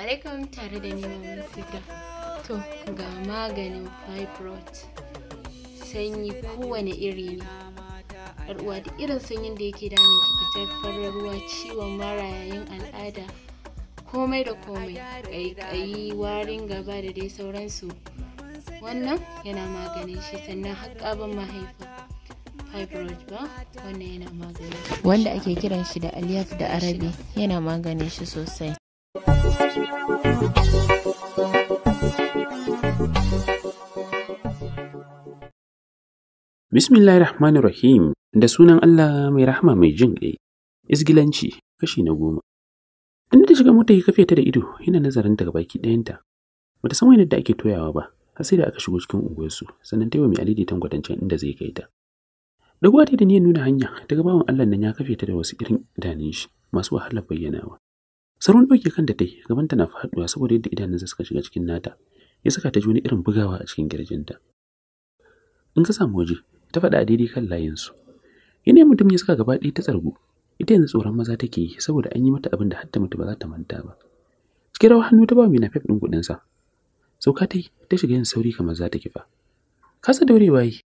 alaikum tare da ni mamin sita to ga maganin fibroid sanyi kowane iri ne uwa da irin sanyin da yake damun ki fitar farar ruwa ciwon mara yayin al'ada komai da komai ƙaiƙayi warin gaba da dai sauransu wannan yana maganin shi sannan haƙaban mahaifa fibroid ba wannan yana maganin shi. wanda ake kiran shi da aliyaf da arabi yana maganin shi sosai Bismillahirrahmanirrahim Rahim da sunan Allah mai rahama mai jin ƙai. Isgilanci kashi na goma. Inda ta shiga mota ya kafe ta da ido yana nazarin ta baki ɗayanta. Ba ta san wani da ake toyawa ba, har sai da aka shigo cikin unguwarsu sannan ta yi wa mai alidi tangwatancen inda zai kai ta. Dagwa ta da ya nuna hanya ta bawan Allah nan ya kafe ta da wasu irin idanun shi masu wahalar bayyanawa. sauran ɗauke kan da ta yi gabanta na faɗuwa saboda yadda idanunsa suka shiga cikin nata ya saka ta ji wani irin bugawa a cikin girjinta. In ka samu waje ta faɗa a daidai kan layinsu. Yanayin mutum ya saka gaba ɗaya ta tsargu ita yanzu tsoron maza take yi saboda an yi mata abin da hatta mutu ba za ta manta ba. Cikin rawar hannu ta ba mai nafef ɗin kuɗinsa. Sauka ta yi ta shiga yin sauri kamar za ta kifa. Kasa daurewa yi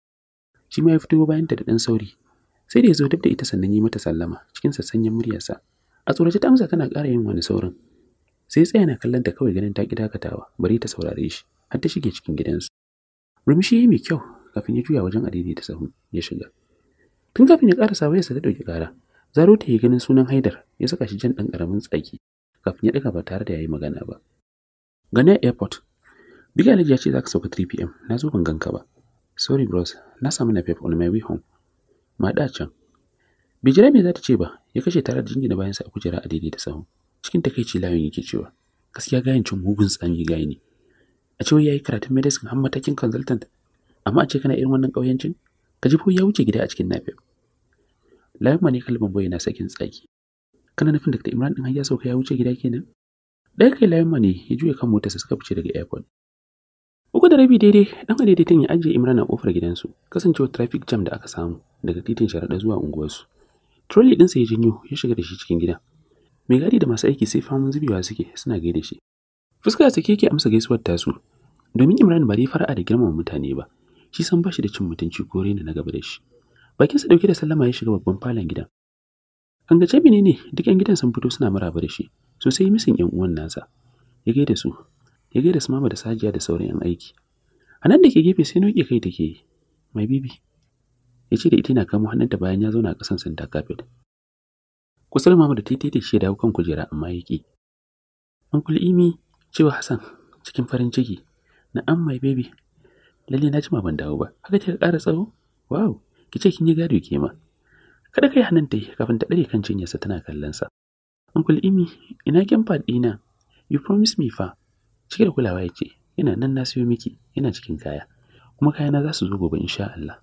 shi ma ya fito bayan ta da ɗan sauri sai da ya zo duk da ita sannan yi mata sallama cikin sassanyen muryarsa a tsorace ta amsa tana ƙara yin wani saurin sai tsaya na kallon ta kawai ganin ta ki dakatawa bari ta saurare shi har ta shige cikin gidansu murmushi mai kyau kafin ya juya wajen adidi ta sahu ya shiga tun kafin ya ƙarasa wayarsa ta ɗauki ƙara zaro ta yi ganin sunan haidar ya saka shi jan ɗan ƙaramin tsaki kafin ya ɗaga ba tare da ya yi magana ba gani a airport biga Alhaji ya ce za ka sauka 3 p.m. na zo ban ganka ba. Sorry bros, na samu na on my way home. ma da can. bai jira me za ta ce ba ya kashe tare da jingina bayansa a kujera a daidai da sahu cikin takaici layin yake cewa gaskiya gayan cin mugun tsami gaye ne a cewa yi karatun medicine har matakin consultant amma a ce kana irin wannan ƙauyancin ka ji ya wuce gida a cikin nafe Layin mani kalmar boye na sakin tsaki kana nufin Dr. Imran din hanyar sauka ya wuce gida kenan ɗaya kai layin mani ya juya kan motarsa suka fice daga airport Uku da rabi daidai, ɗan adaidaitan ya ajiye Imran a ƙofar gidansu, kasancewar traffic jam da aka samu daga titin sharaɗa zuwa unguwarsu. Trolley ɗinsa ya janyo ya shiga da shi cikin gidan. Mai gadi da masu aiki sai famun zubewa suke suna gaida shi. Fuska a sake amsa gaisuwar tasu. Domin Imran ba dai fara'a da girmama mutane ba. Shi san bashi da cin mutunci ko raina na gaba da shi. bakin sa dauke da sallama ya shiga babban falon gidan. An ga ne ne duk 'yan gidan sun fito suna maraba da shi. So sai misin 'yan uwan nasa. Ya gaida su. Ya gaida su mama da sajiya da sauran 'yan aiki. A nan da ke gefe sai noke kai take yi. Mai bibi, ya ce da ita na kamo hannunta bayan ya zauna a ƙasan santa carpet kusan mama da titi da shi dawo kan kujera amma ya An uncle imi cewa hassan cikin farin ciki na an mai baby lalle na jima ban dawo ba haka kika ƙara tsawo wow ki ce kin yi gado ke ma kada kai hannun ta yi kafin ta ɗare kan cinyarsa tana kallon sa uncle imi ina faɗi ɗina you promise me fa cike da kulawa ya ce yana nan na siyo miki yana cikin kaya kuma kayana za su zo gobe insha Allah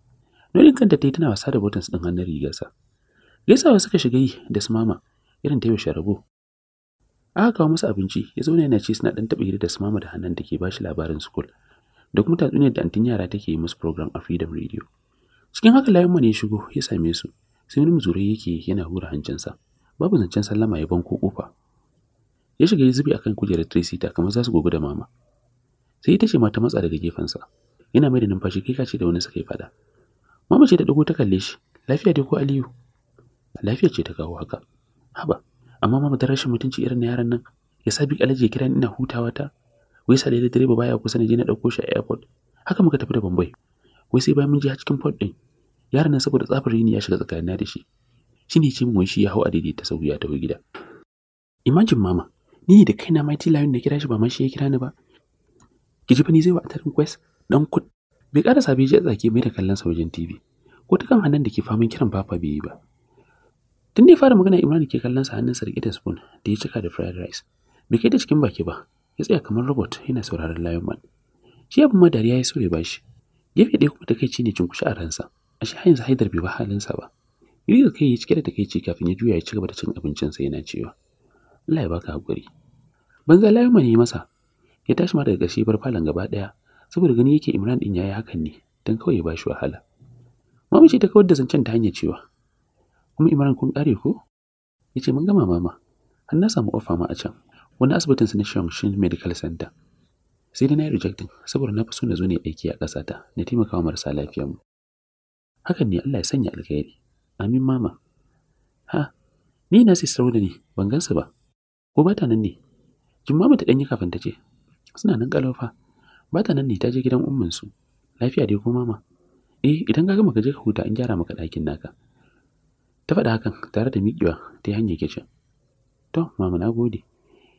Nolin kanta ta yi tana wasa da buttons ɗin hannun rigarsa. Gaisawa suka shiga yi da su mama irin ta yau sharabo. Aka kawo musu abinci ya zauna yana ce suna ɗan taɓa hira da su mama da hannun da ke ba shi labarin school da kuma tatsuniyar da antin yara take yi musu program a Freedom Radio. Cikin haka layan ne ya shigo ya same su sai wani muzurai yake yana hura hancinsa. Babu zancen sallama ya banko kofa. Ya shiga ya zubi akan kujerar Tracy ta kamar za su gogo da mama. Sai ita ce mata matsa daga gefensa. Yana mai da numfashi kai kace da wani suka yi fada. Mama ce ta ɗago ta kalle shi. Lafiya dai ko Aliyu? Lafiya ce ta kawo haka. Haba, amma mama ta rashin mutunci irin na yaran nan. Ya sa bik alaji ya kira ina hutawa ta. Wai sa da direba baya kusa na je na ɗauko shi a airport. Haka muka tafi da Bombay. Wai sai bayan mun je cikin port ɗin. Yaran nan saboda tsafar rini ya shiga tsakanina da shi. Shi ne ce min wai shi ya hau a ta sau ya tafi gida. Imagine mama, ni ne da kaina mai tilayin da kira shi ba ma shi ya kira ni ba. Ki ji fa ni zai wa tarin quest dan kut bai kara sabi ji a tsaki mai da kallon sa wajen tv ko ta kan hannun da ke faman kiran papa bai yi ba tun da ya fara magana imran ke kallon sa hannun riƙe da spoon da ya cika da fried rice bai kai da cikin baki ba ya tsaya kamar robot yana sauraron lion man shi abin ma dariya ya so ya bashi gefe ɗaya kuma takaici ne cunkushe a ransa a shi yanzu haidar bai ba halin sa ba Girgir kai ya cike da takaici kafin ya juya ya cigaba da cin abincinsa yana cewa Allah ya baka hakuri. Banza man ne masa ya tashi ma daga ƙarshe bar falon gaba ɗaya. saboda gani yake Imran din yayi hakan ne dan kawai ya bashi wahala mama ce ta kawar da zancen ta hanyar cewa kuma Imran kun kare ko yace mun gama mama har na samu ofa ma a can wani asibitin su na Medical Center sai dai na yi rejecting saboda na fi so na zo ne aiki a ƙasata na taimaka wa marasa mu. hakan ne Allah ya sanya alkhairi amin mama ha ni na sai saurada ne ban gansu ba ko ba ta nan ne jimma ta danyi kafin ta ce suna nan kalofa ba nan ne ta je gidan umminsu lafiya dai ko mama eh idan ka gama ka je ka huta in gyara maka ɗakin naka ta faɗa hakan tare da miƙewa ta hanyar kicin to mama na gode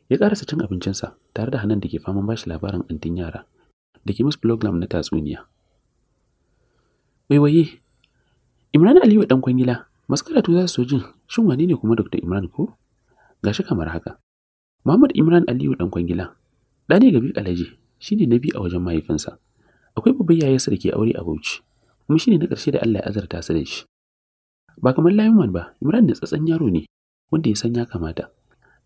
ya ƙarasa cin abincinsa tare da hannun da ke faman bashi labarin antin yara da ke musu program na tatsuniya waiwaye imran aliyu dan kwangila maskara tu za su so jin shin wane ne kuma dr imran ko gashi kamar haka muhammad imran aliyu dan kwangila ɗani ne ga bi alaji shi ne na biyu a wajen mahaifinsa akwai babban yayarsa da ke aure a bauchi kuma shi ne na ƙarshe da Allah ya azarta su da shi ba kamar Layman ba Imran da tsatsan yaro ne wanda ya san ya kamata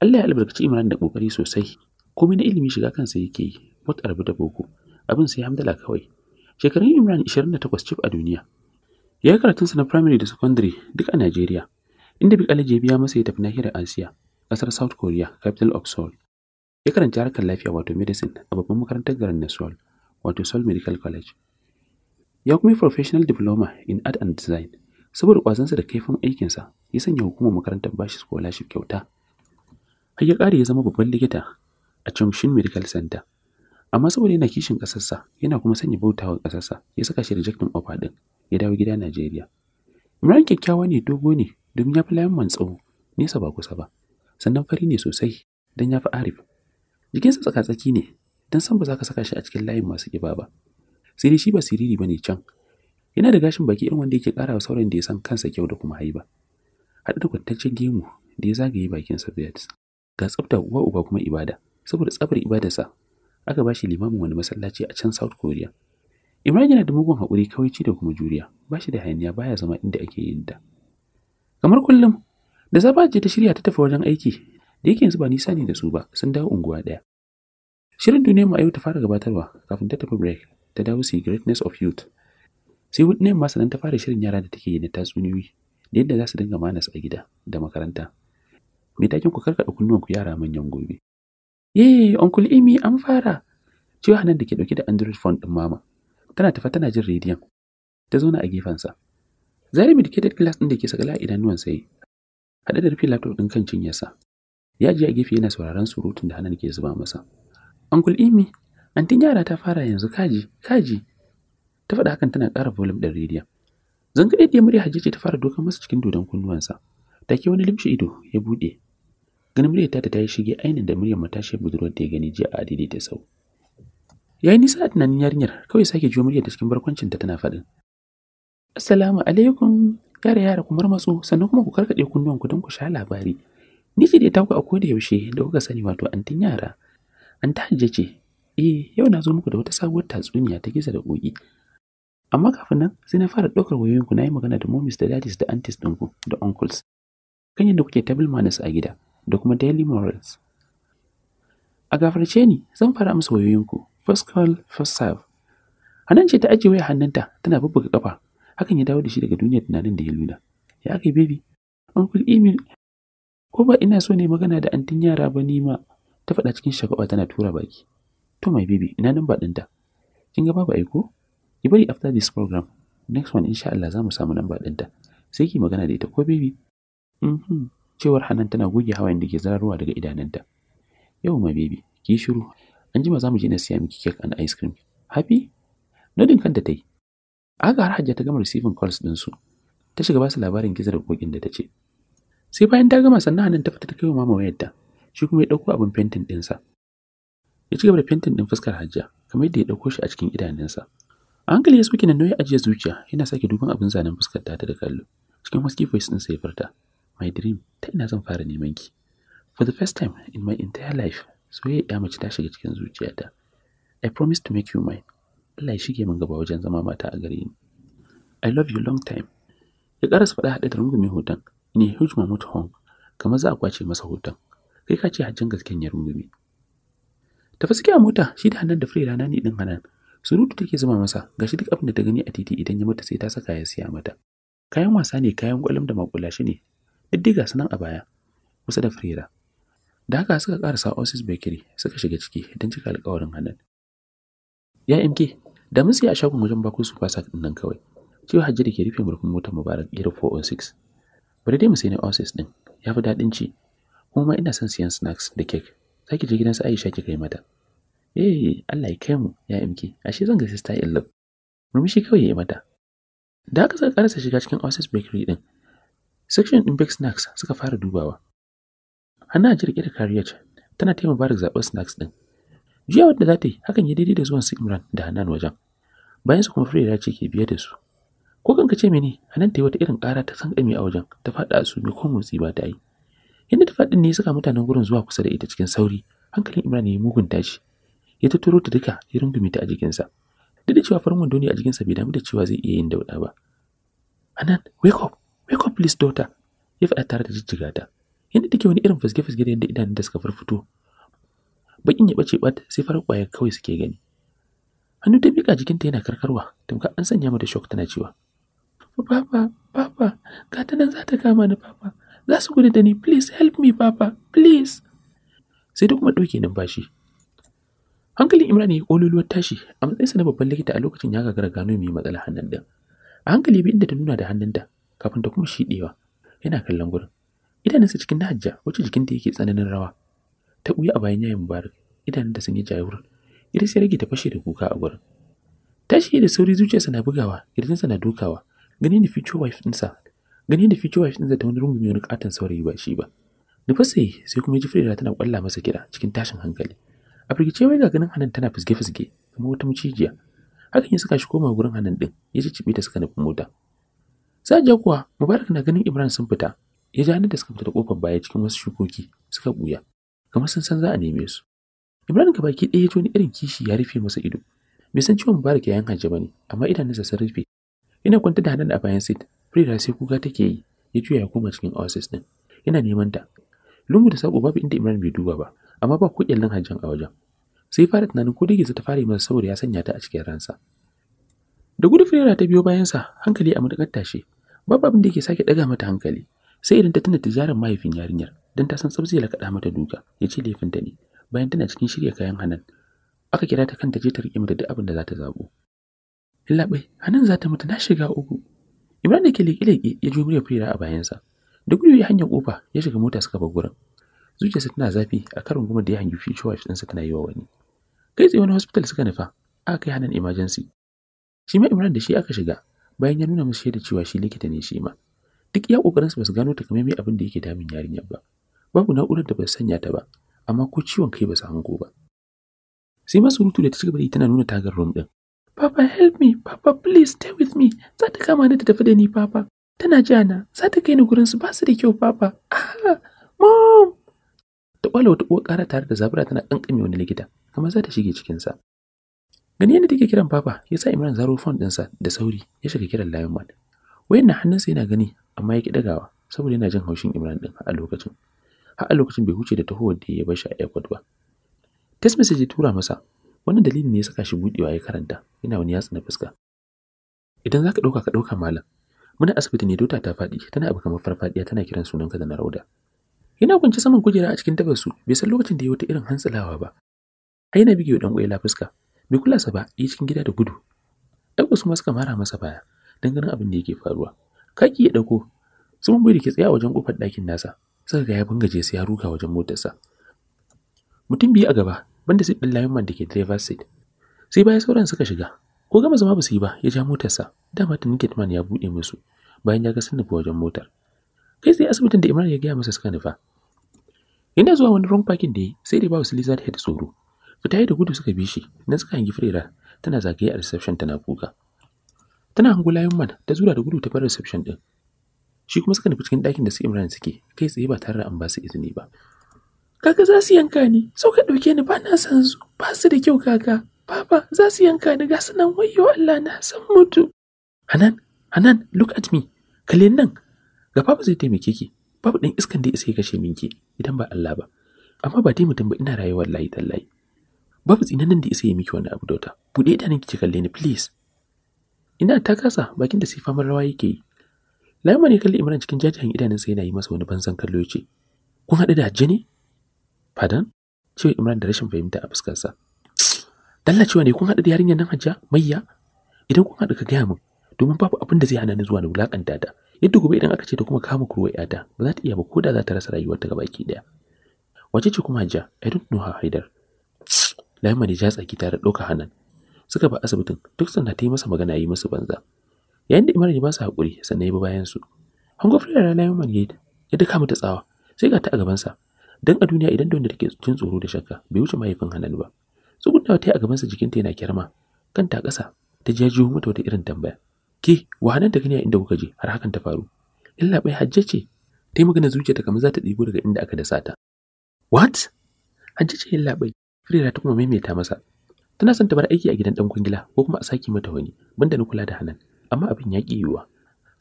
Allah ya albarkaci Imran da kokari sosai komai na ilimi shiga kansa ke yi wata arbu da boko abin sai hamdala kawai shekarun Imran 28 cif a duniya ya yi sa na primary da secondary duk a Najeriya inda bikin Alhaji ya biya masa ya tafi nahiyar Asiya ƙasar South Korea capital of Seoul Ya karanci harkar lafiya wato medicine a babban makarantar garin sol wato Sol Medical College. Ya kuma yi professional diploma in art and design. Saboda kwazansa da kaifin aikinsa, ya sanya hukumar makarantar bashi scholarship kyauta. Har ya ƙare ya zama babban likita a Chongshin Medical Center. Amma saboda yana kishin ƙasarsa, yana kuma sanya bautawa ƙasarsa, ya saka shi rejectin offer din ya dawo gida Najeriya. Imran kyakkyawa ne dogo ne domin ya fi layan man tsawo nesa ba kusa ba sannan fari ne sosai don ya fi arif jikinsa tsaka-tsaki ne don san ba za ka saka shi a cikin layin masu ƙiba ba sai dai shi ba siriri ba ne can yana da gashin baki irin wanda yake ƙara wa sauran da ya san kansa kyau da kuma haiba haɗu da kwantaccen gemu da ya zagaye sa vet ga tsafta uwa uba kuma ibada saboda tsabar ibadarsa aka ba shi limamin wani masallaci a can south korea imran yana da mugun haƙuri ci da kuma juriya ba shi da hayaniya baya zama inda ake yin ta kamar kullum da zafa ce ta shirya ta tafi wajen aiki da yake yanzu ba nisa ne da su ba sun dawo unguwa ɗaya shirin duniyar mu a ta fara gabatarwa kafin ta tafi break ta dawo su greatness of youth sai hudu nema sanan ta fara shirin yara da take yi na tatsuniyoyi da yadda za su dinga manas a gida da makaranta mai takin ku karkaɗa ku yara manyan gobe ye uncle imi an fara cewa hanan da ke dauke da android phone din mama tana tafa tana jin rediyon ta zauna a gefensa zari medicated class din da ke sagala a idanuwan sai hade da rufe laptop din kan cinyarsa ya ji a gefe yana sauraron surutun da Hanan ke zuba masa. Uncle Imi, antin yara ta fara yanzu kaji, kaji. Ta faɗa hakan tana ƙara volume ɗin rediyon. ga ɗaya murya Hajji ta fara dokar masa cikin dodon kunnuwansa. ke wani limshi ido ya buɗe. Ganin muryar ta ta yi shige ainihin da muryar matashiyar budurwar da ya gani jiya a daidai ta sau. Ya yi nisa a tunanin yarinyar kawai sake jiyo muryar ta cikin barkwancinta tana faɗin. Assalamu alaikum, yara yara ku marmatsu sannan kuma ku karkaɗe kunnuwanku don ku sha labari. Ni ce dai taku a koda yaushe da kuka sani wato antin yara. An ta ce, "Eh, yau na zo muku da wata sabuwar tatsuniya ta gizo da koki." Amma kafin nan sai na fara ɗaukar wayoyinku na yi magana da momis da dadis da antis ɗinku da uncles. Kan yadda kuke table manners a gida da kuma daily morals. A gafarce ni zan fara amsa wayoyinku first call first serve. ce ta ajiye waya hannunta tana bubbuga kafa hakan ya dawo da shi daga duniyar tunanin da ya luna. Ya kai baby, uncle Emil ko ba ina so ne magana da antin yara ba ni ma ta faɗa cikin shagaba tana tura baki to my baby ina nan ba ɗinta kin ga babu aiko ki bari after this program next one insha Allah za mu samu namba ɗinta sai ki magana da ita ko baby mhm cewar hannun tana goge hawayen da ke ruwa daga idanunta yau my baby ki shiru an jima za mu je na siya miki cake and ice cream happy nodin kanta tai aga har hajja ta gama receiving calls su. ta shiga basu labarin gizo da kokin da ta ce sai bayan ta gama sannan hannun ta fita ta kai wa mama wayarta shi kuma ya dauko abin fentin ɗinsa ya ci gaba da fentin ɗin fuskar hajja kamar yadda ya ɗauko shi a cikin idanunsa a hankali ya soke na nauyi ajiye zuciya yana sake duban abin zanen fuskar ta da kallo cikin husky voice ɗinsa ya furta my dream ta ina zan fara neman ki for the first time in my entire life soyayya ya mace ta shiga cikin zuciyata i promise to make you mine Allah ya shige min gaba wajen zama mata a gare ni. I love you long time. Ya karasa faɗa haɗe da rungumin hoton Ne huge mammoth hong kamar za a kwace masa hoton kai ka ce hajjin gasken ya rungume tafi suke a mota shi da hannun da fure rana ne din hanan surutu take zuma masa gashi duk abin da ta gani a titi idan ya mata sai ta saka ya siya mata kayan wasa ne kayan kwalam da makula shi ne diddiga sanan a baya kusa da firera da haka suka karasa osis bakery suka shiga ciki don cika alkawarin hannun ya mk da mun siya a shagon wajen bakun su fasa nan kawai cewa hajji da ke rufe murfin motar mubarak 0406 bari dai mu sai na office din ya fi daɗin ci kuma ma ina son siyan snacks da cake za ki je su aisha ki kai mata eh allah ya kai mu ya imki ashe zan ga sister in law murmushi kawai ya yi mata da aka sa karasa shiga cikin office bakery din section din Big snacks suka fara dubawa hana a da kariyar tana taimaka bari zaɓen snacks din jiya wadda za ta yi hakan ya daidai da zuwan su imran da hanan wajen bayan su kuma firira ce ke biye da su ko kan ka ce mene a nan ta yi wata irin ƙara ta san ƙami a wajen ta faɗa a sumi ko motsi ba ta yi inda ta faɗin ne ya mutanen gurin zuwa kusa da ita cikin sauri hankalin imran ya mugun tashi ya turo ta duka ya rungume ta a jikinsa duk da cewa farin wando ne a jikinsa bai damu da cewa zai iya yin dauɗa ba anan wake up wake up please daughter ya faɗa tare da jijjiga ta yadda take wani irin fasge-fasge da yadda idanun da suka farfito Baƙin ya ɓace bat sai farar ƙwayar kawai suke gani hannu ta miƙa jikinta yana karkarwa tamkar an sanya mata shock tana cewa Papa, Papa, ga nan za ta kama ni Papa, za su gudu da ni, please help me Papa, please. Sai da kuma ɗauke numfashi. Hankalin Imran ya ƙololuwar tashi a matsayinsa na babban likita a lokacin ya gagara gano mai matsala hannun ɗin. A hankali bi inda ta nuna da hannunta kafin ta kuma shiɗewa yana kallon gurin. Idanunsa cikin na wacce jikin ta yake tsananin rawa. Ta ɓuya a bayan yayin mubarak idanunta sun yi jayawur. Ita sai rage ta fashe da kuka a gurin. Tashi da sauri zuciyarsa na bugawa, kirjinsa na dukawa. gani da future wife ɗinsa gani da future wife ɗinsa ta wani rungume wani katon saurayi ba shi ba da fasai sai kuma ji Frida tana kwalla masa kira cikin tashin hankali a firgice wai ganin Hanan tana fisge-fisge kuma wata mucijiya hakan ya saka shi koma gurin Hanan din ya ci cibi ta suka nufi mota ja kuwa Mubarak na ganin Ibrahim sun fita ya ja hannun da suka fita da kofar baya cikin wasu shukoki suka buya kamar sun san za a neme su Ibrahim baki ɗaya ya ji wani irin kishi ya rufe masa ido bai san ciwon Mubarak ya yanka ne amma idanunsa sun rufe Ina kwanta da hannun a bayan sit, Frida sai kuka take yi, ya juya ya koma cikin office din. Yana neman ta. Lungu da sako babu inda Imran bai duba ba, amma ba ko kyallin hajjan a wajen. Sai fara tunanin ko dai ta fara masa saboda ya sanya ta a cikin ransa. Da gudu Frida ta biyo bayan sa hankali a matakar tashi. Babu abin da yake sake daga mata hankali. Sai idan ta tuna jarin mahaifin yarinyar, dan ta san tsabzi la kada mata duka, ya ce laifin ta ne. Bayan tana cikin shirya kayan hannun aka kira ta kanta je ta rike mata duk abin da za ta zabo. a hannun za ta mutu na shiga uku. Imran da ke leƙe-leƙe ya ji murya Firira a bayansa. Da gudu ya hanyar kofa ya shiga mota suka bar gurin. Zuciyarsa tana zafi a karin goma da ya hangi future wife ɗinsa tana yi wa wani. Kai tsaye wani hospital suka nufa, aka kai hannun emergency. Shi ma Imran da shi aka shiga, bayan ya nuna musu shaida cewa shi likita ne shi ma. Duk iya ƙoƙarinsa ba su gano takamaimai abin da yake damun yarinyar ba. Babu na'urar da ba sanya ta ba, amma ko ciwon kai ba su hango ba. Sai masu surutu da ta cigaba da tana nuna tagar room ɗin, Papa help me, Papa please stay with me, za ta kama ni ta tafi da ni Papa. Tana jiya na, za ta kai ni gurin su ba su da kyau Papa. Ah, mom! Ta kwala wata uwar ƙara tare da zabura tana ƙanƙame wani likita, amma za ta shige cikinsa. Gani yadda take kiran Papa, ya sa Imran zaro fon ɗinsa da sauri ya shiga kiran Lion Man. Wayan na hannunsa yana gani, amma ya ki saboda yana jin haushin Imran ɗin a lokacin. Har a lokacin bai huce da tahowar da ya bashi a airport ba. Test message ya tura masa, wannan dalilin ne ya saka shi buɗewa ya karanta yana wani yatsa na fuska idan za ka ɗauka ka ɗauka malam muna asibiti ne dota ta faɗi tana abu kamar farfaɗiya tana kiran sunanka da na rauda yana kwance saman kujera a cikin tabar su bai san lokacin da ya wata irin hantsilawa ba a yana bigewa dan la fuska bai kula sa ba yi cikin gida da gudu ɗan wasu ma suka mara masa baya don ganin abin da yake faruwa kaki ya ɗauko sun bai da ke tsaye a wajen ƙofar ɗakin nasa suka ga ya bangaje sai ya ruga wajen motarsa mutum biyu a gaba banda sit ɗin lineman da ke driver seat sai bayan sauran suka shiga ko gama zama ba su yi ba ya ja motarsa dama Naked man ya buɗe musu bayan ya ga sun nufi wajen motar kai sai asibitin da imran ya gaya masa suka nufa yana zuwa wani wrong parking da yi sai da ba wasu lizard head tsoro fita da gudu suka bi shi nan suka hangi firera tana zagaye a reception tana kuka tana hango layin man ta zura da gudu ta bar reception din shi kuma suka nufi cikin ɗakin da su imran suke kai tsaye ba tare da an ba su izini ba Kaka za su yanka ni, sau ka ɗauke ni ba na san su, ba su da kyau kaka. Baba za su yanka ni ga su sanan wayo Allah na san mutu. Hanan, Hanan, look at me. Kalle nan. Ga Papa zai taimake ki. Babu ɗan iskan da isa ya kashe minki idan ba Allah ba. Amma ba dai mutum ba ina rayuwar layi tallayi Babu nan da isa ya miki wani abu dauta. Buɗe idanun ki kalle ni please. Ina ta kasa bakin da sai famar rawa yake yi. Laima ne kalli Imran cikin jajayen idanunsa yana yi masa wani banzan kallo ya ce, Kun haɗu da Hajji Fadan? Cewa Imran da rashin fahimta a fuskarsa. Dalla cewa ne kun haɗu da yarinyar nan hajja mayya? Idan kun haɗu ka gaya min domin babu abin da zai hana ni zuwa da wulaƙanta ta. Yadda gobe idan aka ce ta kuma kama kurwa yata ba za ta iya ba ko da za ta rasa rayuwarta gaba ki daya. Wace ce kuma hajja? I don't know her Haidar. Laima ne ja tsaki tare ɗauka hannun. Suka ba asibitin duk sanda ta yi masa magana yi masa banza. Yayin da Imran ya ba su haƙuri sannan ya bi bayan su. Hango Frida da ne ya daka mata tsawa sai ga ta a gabansa dan a duniya idan da wanda take jin tsoro da shakka bai wuce mahaifin Hanan ba tsugunta ta yi a gabansa jikinta yana kirma kanta ƙasa ta jajiyo mata wata irin tambaya ke wahanan da gani a inda kuka je har hakan ta faru illa bai hajje ce ta yi magana ta kamar za ta ɗigo daga inda aka dasa ta what hajje ce illa bai Frida ta kuma maimaita masa tana son ta bar aiki a gidan dan kungila ko kuma a saki mata wani banda na kula da Hanan amma abin ya ƙi yiwuwa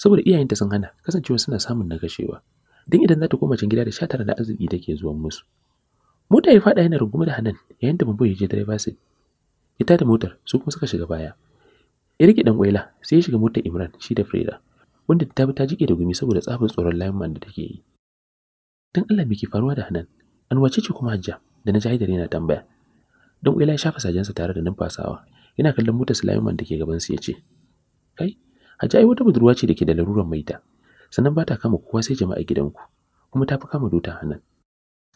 saboda iyayenta sun hana kasancewa suna samun nagashewa don idan za ta koma can gida da sha tara da arziki take zuwa musu mota ya faɗa yana rungume da hannun yayin da babu ya je driver seat ya tada motar su kuma suka shiga baya ya rike dan kwaila sai ya shiga motar Imran shi da Freda wanda ta bi ta jike da gumi saboda tsafin tsoron lineman da take yi dan Allah me ke faruwa da Hanan an wace ce kuma Hajja da na Jahidar yana tambaya dan ƙwaila ya shafa sajensa tare da numfasawa yana kallon motar Sulaiman da ke gaban ya ce. kai Hajja ai wata budurwa ce da ke da laruran maita sannan ba ta kama kowa sai jama'a gidanku kuma ta fi kama dutan hannun.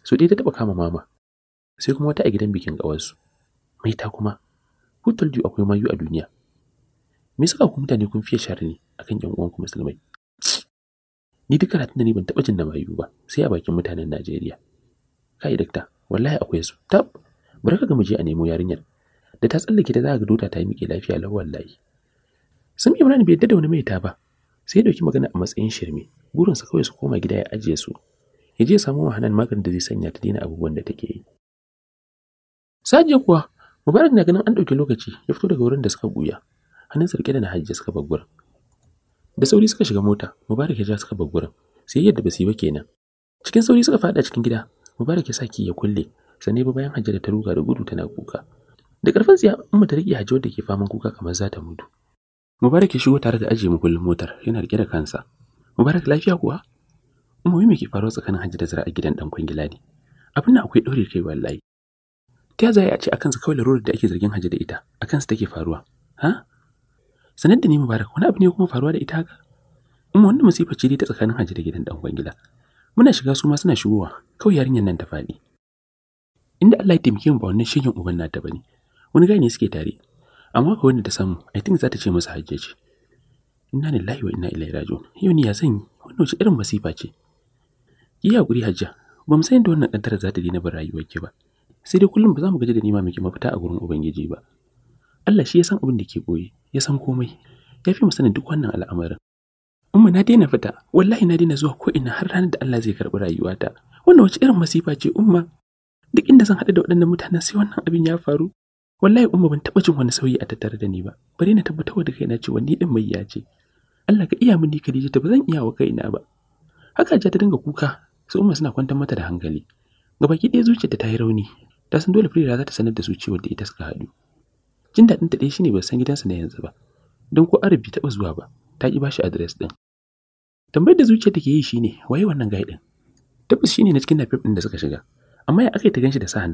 su ɗaya ta taɓa kama mama sai kuma wata a gidan bikin ƙawarsu mai ta kuma who told akwai mayu a duniya me suka ku mutane kun fiye share ne akan ƴan uwanku musulmai ni duk karatun da ni ban taɓa jin na mayu ba sai a bakin mutanen Najeriya kai dakta wallahi akwai su tab bari ka ga mu a nemo yarinyar da ta tsallake da za a ga dota ta yi miƙe lafiya lau wallahi sun imran bai yadda da wani mai ta ba sai dauki ɗauki magana a matsayin shirme sa kawai su koma gida ya ajiye su ya je samu wahanan maganin da zai sanya ta daina abubuwan da take yi sajiya kuwa mubarak na ganin an ɗauki lokaci ya fito daga wurin da suka buya hannun sarki da na suka bar da sauri suka shiga mota mubarak ya ja suka bar gurin sai yadda ba su yi ba kenan cikin sauri suka fada cikin gida mubarak ya sa ya kulle sannan ba bayan Hajiya da ta ruga da gudu tana kuka da ƙarfin tsiya amma ta rike Hajiyar da ke faman kuka kamar za ta mutu Mubarak ya shigo tare da ajiye mukullin motar yana rike da kansa. Mubarak lafiya kuwa? Umawi yi ke faruwa tsakanin Hajji da Zara a gidan dan kwangila ne? Abin nan akwai ɗaure kai wallahi. Ta zai a ce akan su kawai larurar da ake zargin Hajji da ita, akan su take faruwa. Ha? Sanar da ni Mubarak, wani abu ne kuma faruwa da ita haka? Umma wannan musifa ce dai ta tsakanin Hajji da gidan dan kwangila. Muna shiga su ma suna shigowa, kawai yarinyar nan ta faɗi. Inda Allah ya taimake mu ba wannan shirin uban nata bane. Wani gani suke tare, amma ko wanda ta samu i think za ta ce masa hajja ce inna lillahi wa inna ilaihi raji'un yau ne ya zan yi wannan wace irin masifa ce ki guri hajja ba mu san da wannan kaddara za ta dina ba rayuwar ki ba sai dai kullum ba za mu gaji da nima miki mafita a gurin ubangiji ba Allah shi ya san abin da ke boye ya san komai ya fi mu sanin duk wannan al'amarin umma na daina fita wallahi na daina zuwa ko ina har ranar da Allah zai karbi rayuwata wannan wace irin masifa ce umma duk inda zan haɗu da waɗannan mutanen sai wannan abin ya faru wallahi umma ban taɓa jin wani sauyi a tattare da ni ba bari na tabbatar da kaina cewa ni din mai ce Allah ka iya min ni Khadija ta ba zan iya wa kaina ba haka ja ta dinga kuka sai umma suna kwantar mata da hankali ki ɗaya zuciyarta ta yi rauni ta san dole Frida za ta sanar da su cewa da ita suka haɗu jin daɗin ta ɗaya shine ba san gidansa na yanzu ba don ko arabi taɓa zuwa ba ta ki bashi adres ɗin tambayar da zuciya take yi shine waye wannan gai ɗin tabbas shine na cikin nafif ɗin da suka shiga amma ya aka ta ganshi da sa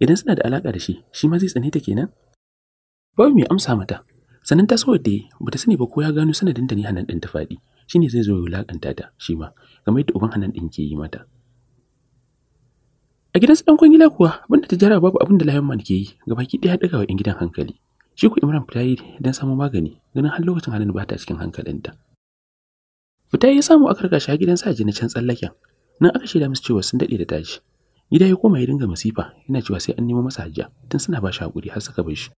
idan suna da alaƙa da shi shi ma zai tsane ta kenan babu mai amsa mata sannan ta so da bata sani ba ko ya gano sanadin da ni hanan ɗin ta faɗi shine zai zo ya wulaƙanta ta shi ma kamar yadda uban hanan ɗin ke yi mata a gidan su ɗan kwangila kuwa banda ta jara babu abin da layan man ke yi gabaki ɗaya ɗaga wa 'yan gidan hankali shi ku imran fita yi don samun magani ganin har lokacin hanan ba ta cikin hankalinta fita ya samu aka rika shi gidan sa na can tsallaken nan aka shaida musu cewa sun daɗe da tashi Gida ya koma ya dinga masifa yana cewa sai an nemo masa hajja tun suna ba shi hakuri har suka bar shi.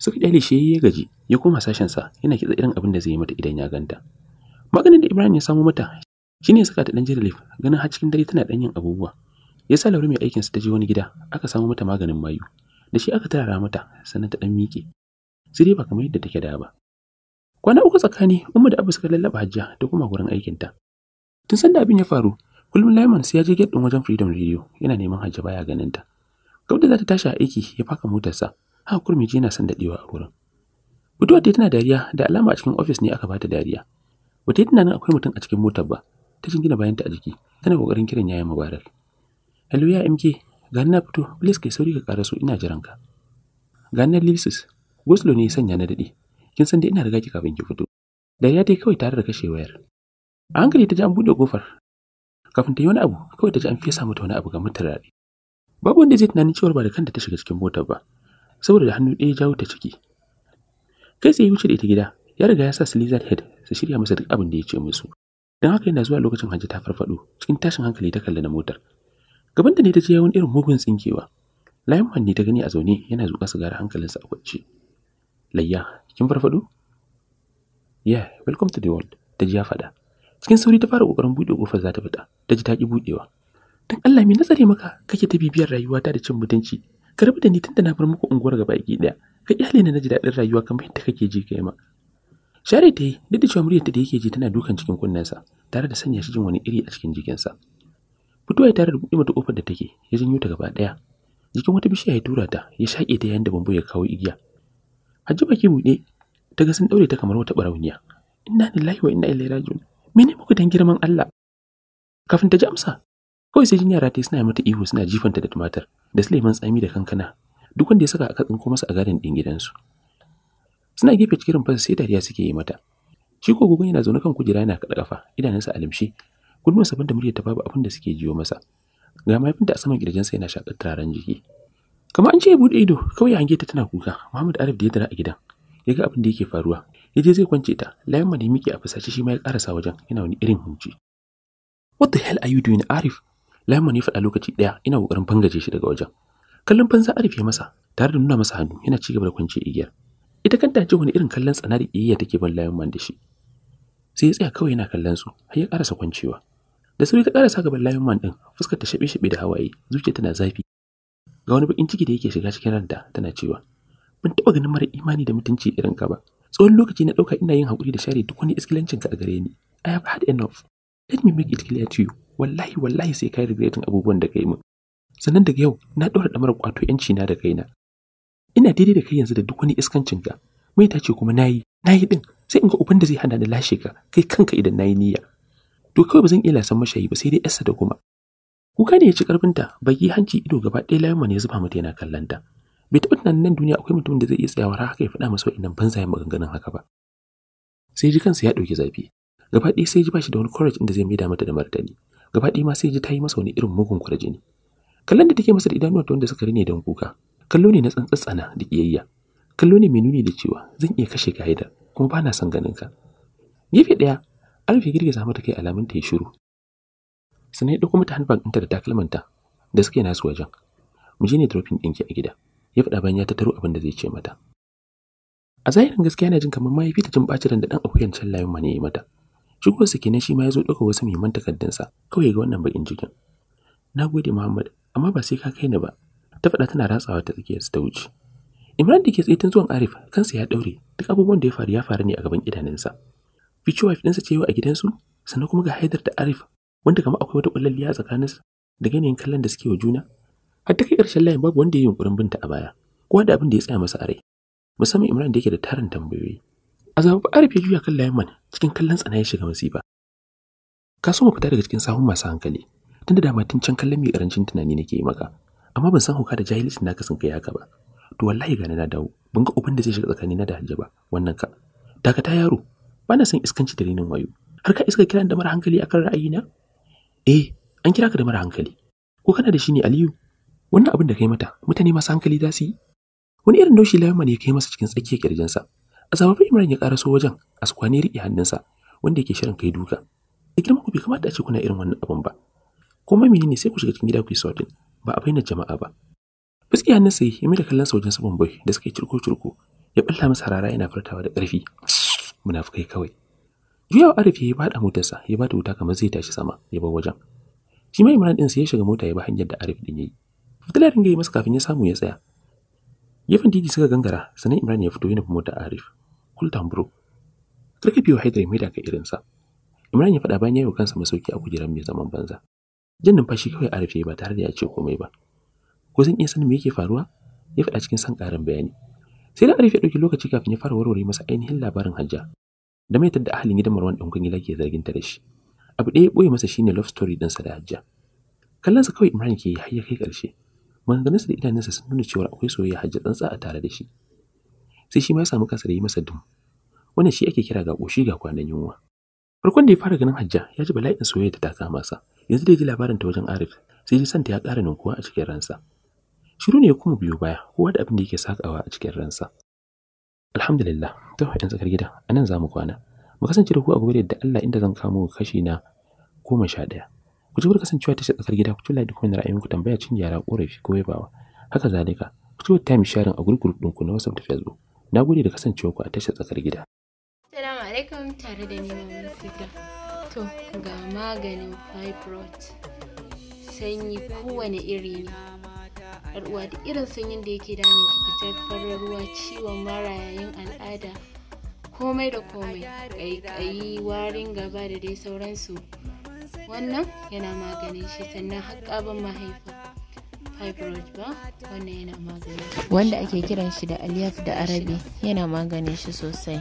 Suka dale shi ya gaji ya koma sa yana kitsa irin abin da zai yi mata idan ya ganta. Maganin da Ibrahim ya samo mata shine ya saka ta dan jiralif ganin har cikin dare tana dan yin abubuwa. Ya sa Lauri mai aikin ta je wani gida aka samo mata maganin mayu da shi aka tarara mata sannan ta dan miƙe. Sai dai ba kamar yadda take da ba. Kwana uku tsakani Umma da Abu suka lallaba Hajja ta koma gurin aikin ta Tun sanda abin ya faru, Kullum Lyman sai ya je gate wajen Freedom Radio yana neman Hajji baya ganin ta. Gabda za ta tashi a aiki ya faka motarsa, haka kurmi yana son daɗewa a wurin. Buduwa ta tana dariya da alama a cikin ofis ne aka bata dariya. Bata yi tunanin akwai mutum a cikin motar ba, ta jingina bayanta a jiki, tana kokarin kiran yayin Mubarak. Hello ya MK, ga na fito, please kai sauri ka ƙara so ina jiran ka. Ga na Lilsis, Goslo ne sanya na dade. Kin san dai ina riga ki kafin ki fito. Dariya yi kawai tare da kashe wayar. A hankali ta ji an buɗe kofar kafin ta yi wani abu kawai ta ji an fesa mata wani abu ga mutarare babu wanda zai tunanin cewar ba da kanta ta shiga cikin motar ba saboda da hannu ɗaya jawo ta ciki kai tsaye wuce da ita gida ya riga ya sa su lizard head su shirya masa duk abin da ya ce musu don haka yana zuwa lokacin hajji ta farfaɗo, cikin tashin hankali ta kalli na motar gaban da ne ta je wani irin mugun tsinkewa layan ne ta gani a zaune yana zuƙa gara hankalinsa a kwance layya kin farfaɗo? yeah welcome to the world ta ji ya faɗa cikin sauri ta fara kokarin buɗe kofar za ta fita ta ji ta ki buɗewa dan Allah me nazare maka kake ta bibiyar rayuwa ta da cin mutunci ka rabu da ni tunda na bar muku unguwar gaba ki daya ka kyale ni na ji daɗin rayuwa kamar yadda kake ji kai ma share ta yi duk da cewa ta da yake ji tana dukan cikin kunnensa tare da sanya shi jin wani iri a cikin jikinsa fitowa tare da buɗe mata kofar da take ya janyo ta gaba ɗaya jikin wata bishiya ya tura ta ya shaƙe ta yayin da bambo ya kawo igiya hajji baki buɗe ta ga sun ɗaure ta kamar wata barauniya inna lillahi wa inna ilaihi raji'un mene muku dan girman Allah kafin ta ji amsa kawai sai jin yara ta suna mata ihu suna jifanta da tumatir da Suleiman tsami da kankana duk wanda ya saka aka tsinko masa a gadin din gidansu suna gefe cikin fasa sai dariya suke yi mata shi ko gogon yana zaune kan kujera yana kada kafa idanunsa a limshe gudun sabon da muryar ta babu abin da suke jiyo masa ga mahaifinta a saman ƙirjinsa yana shakar turaren jiki kamar an ce ya bude ido kawai hange ta tana kuka Muhammad Arif da ya dara a gidan ya ga abin da yake faruwa yaje zai kwance ta layan ma da miki a fusace shi ma ya karasa wajen Ina wani irin hunci what the hell are you doing arif layan ma ne faɗa lokaci ɗaya ina ƙoƙarin bangaje shi daga wajen kallon banza arif ya masa tare da nuna masa hannu yana ci gaba da kwance igiyar ita kanta ce wani irin kallon tsana da iyayya take ban layan man da shi sai ya tsaya kawai yana kallon su har ya karasa kwancewa da sauri ta karasa gaban layan man din fuskar ta shabe shabe da hawaye zuciya tana zafi ga wani bakin ciki da yake shiga cikin ranta tana cewa ban taba ganin mara imani da mutunci irin ka ba tsawon lokaci na ɗauka ina yin haƙuri da share duk wani iskilancin ka a gare ni i have had enough let me make it clear to you wallahi wallahi sai kai regretin abubuwan da kai min sannan daga yau na ɗora ɗamar ƙwato yanci na da kaina ina daidai da kai yanzu da duk wani iskancin ka mai ta ce kuma nayi nayi din sai in ga uban da zai hana ni lashe ka kai kanka idan nayi niyya to kawai ba zan iya lasan mashayi ba sai dai yarsa da kuma kuka ne ya ci karfinta yi hanci ido gaba ɗaya layinmu ne ya zuba mata yana kallon bai taɓa tunanin nan duniya akwai mutumin da zai iya tsayawa har haka ya faɗa masa wa'innan banzayen maganganun haka ba sai ji kansa ya ɗauki zafi gaba ɗaya sai ji ba shi da wani courage inda zai maida mata da martani gaba ɗaya ma sai ji ta yi masa wani irin mugun ne. kallon da take masa da idanuwa ta wanda suka rine don kuka kallo ne na tsantsatsana da ƙiyayya kallo ne mai nuni da cewa zan iya kashe ka haidar kuma ba na son ganin ka gefe ɗaya alfi girgiza mata kai alamun ta yi shiru sannan ya ɗauko mata handbag ɗinta da takalmanta da suke nasu wajen mu je ne dropping ɗinki a gida ya faɗa bayan ya tattaro abin da zai ce mata a zahirin gaskiya yana jin kamar mahaifi ta jin bacin da ɗan akuyan can layin ma ne ya mata shigowar sa kenan shi ma ya zo ɗaukar wasu muhimman takardunsa kawai ga wannan bakin jikin na gode muhammad amma ba sai ka kai ni ba ta faɗa tana ratsawa ta su ta wuce imran da ke tsaye tun zuwan arif kansa ya ɗaure duk abubuwan da ya faru ya faru ne a gaban idanunsa fice wife ɗinsa ce yau a gidansu sannan kuma ga haidar da arif wanda kama akwai wata ƙwallon liya tsakaninsu da ganin kallon da suke wa juna har ta kai ƙarshen layin babu wanda ya yi yunƙurin binta a baya kowa da abin da ya tsaya masa a rai musamman imran da yake da tarin tambayoyi a zaɓaɓɓa arfe juya kan layin man cikin kallon tsana ya shiga masifa ka so mu fita daga cikin sahun masu hankali tunda da damatin can kallon mai karancin tunani nake yi maka amma ban san hauka da jahilcin naka sun kai haka ba to wallahi ga na dawo ban ga Ubin da zai shiga tsakani na da ba, wannan ka dakata yaro ba na son iskanci da rinin wayo har ka iska kiran da mara hankali akan ra'ayina eh an kira ka da mara hankali ko kana da shi ne aliyu wannan abin da kai mata mutane masu hankali za su yi wani irin daushi layuma ya kai masa cikin tsakiyar kirjinsa a sababin imran ya karaso wajen a kwani riƙe hannunsa wanda yake shirin kai duka da girma ku bai kamata a ce kuna irin wannan abin ba ko ma menene sai ku shiga cikin gida ku yi sautin ba a bayyana jama'a ba hannun hannunsa ya mai da kallon sa wajen saban bai da suka yi cirko cirko ya balla masa harara yana furtawa da ƙarfi munafukai kawai juyawa arif ya bada motarsa ya bada wuta kamar zai tashi sama ya bar wajen shi mai imran din sai ya shiga mota ya bi hanyar da arif din yayi fitila ringa masa kafin ya samu ya tsaya gefen titi suka gangara sannan imran ya fito yana mota arif kultan bro karka biyo haidar mai daga irinsa imran ya faɗa bayan ya yi kansa masauki a kujerar mai zaman banza jan numfashi kawai arif ya ba tare da ya ce komai ba ko zan iya sanin me yake faruwa ya faɗa cikin san ƙarin bayani sai da arif ya ɗauki lokaci kafin ya fara warware masa ainihin labarin hajja da mai tadda ahalin gidan Marwan ɗan kwangila ke zargin ta da shi. Abu ɗaya ya ɓoye masa shine love story ɗinsa da Hajja. Kallonsa kawai Imran ke yi har ya kai ƙarshe. Manganinsa da idanunsa sun nuna cewa akwai soyayya hajji tsantsa a tare da shi sai shi ma ya samu kansa da yi masa dum wannan shi ake kira ga ƙoshi ga kwanan yunwa farkon da ya fara ganin hajja ya ji bala'in soyayya ta taka sa. yanzu da ya ji labarin ta wajen arif sai ji santa ya ƙara ninkuwa a cikin ransa shiru ne ya kuma biyo baya kowa da abin da yake sakawa a cikin ransa alhamdulillah to yanzu kar gida anan za mu kwana mu kasance da ku a gobe da Allah inda zan kamo kashi na goma sha ɗaya ku ci kasancewa ta tsakar gida ku tula da ra'ayin ra'ayinku tambaya cin yara korafi ko ba haka zalika ku ci time sharing a din ku na WhatsApp da Facebook na gode da kasancewa ku a tashar tsakar gida Assalamu alaikum tare da ni Maman Sita to ga maganin fibroid sanyi kowane iri ne yar uwa da irin sanyin da yake damun ki fitar farar ruwa ciwon mara yayin al'ada komai da komai kai warin gaba da dai sauransu wannan yana maganin shi sannan haƙaban mahaifa fibroid ba wannan yana maganin wanda ake kiran shi da aliyaf da arabi yana maganin shi sosai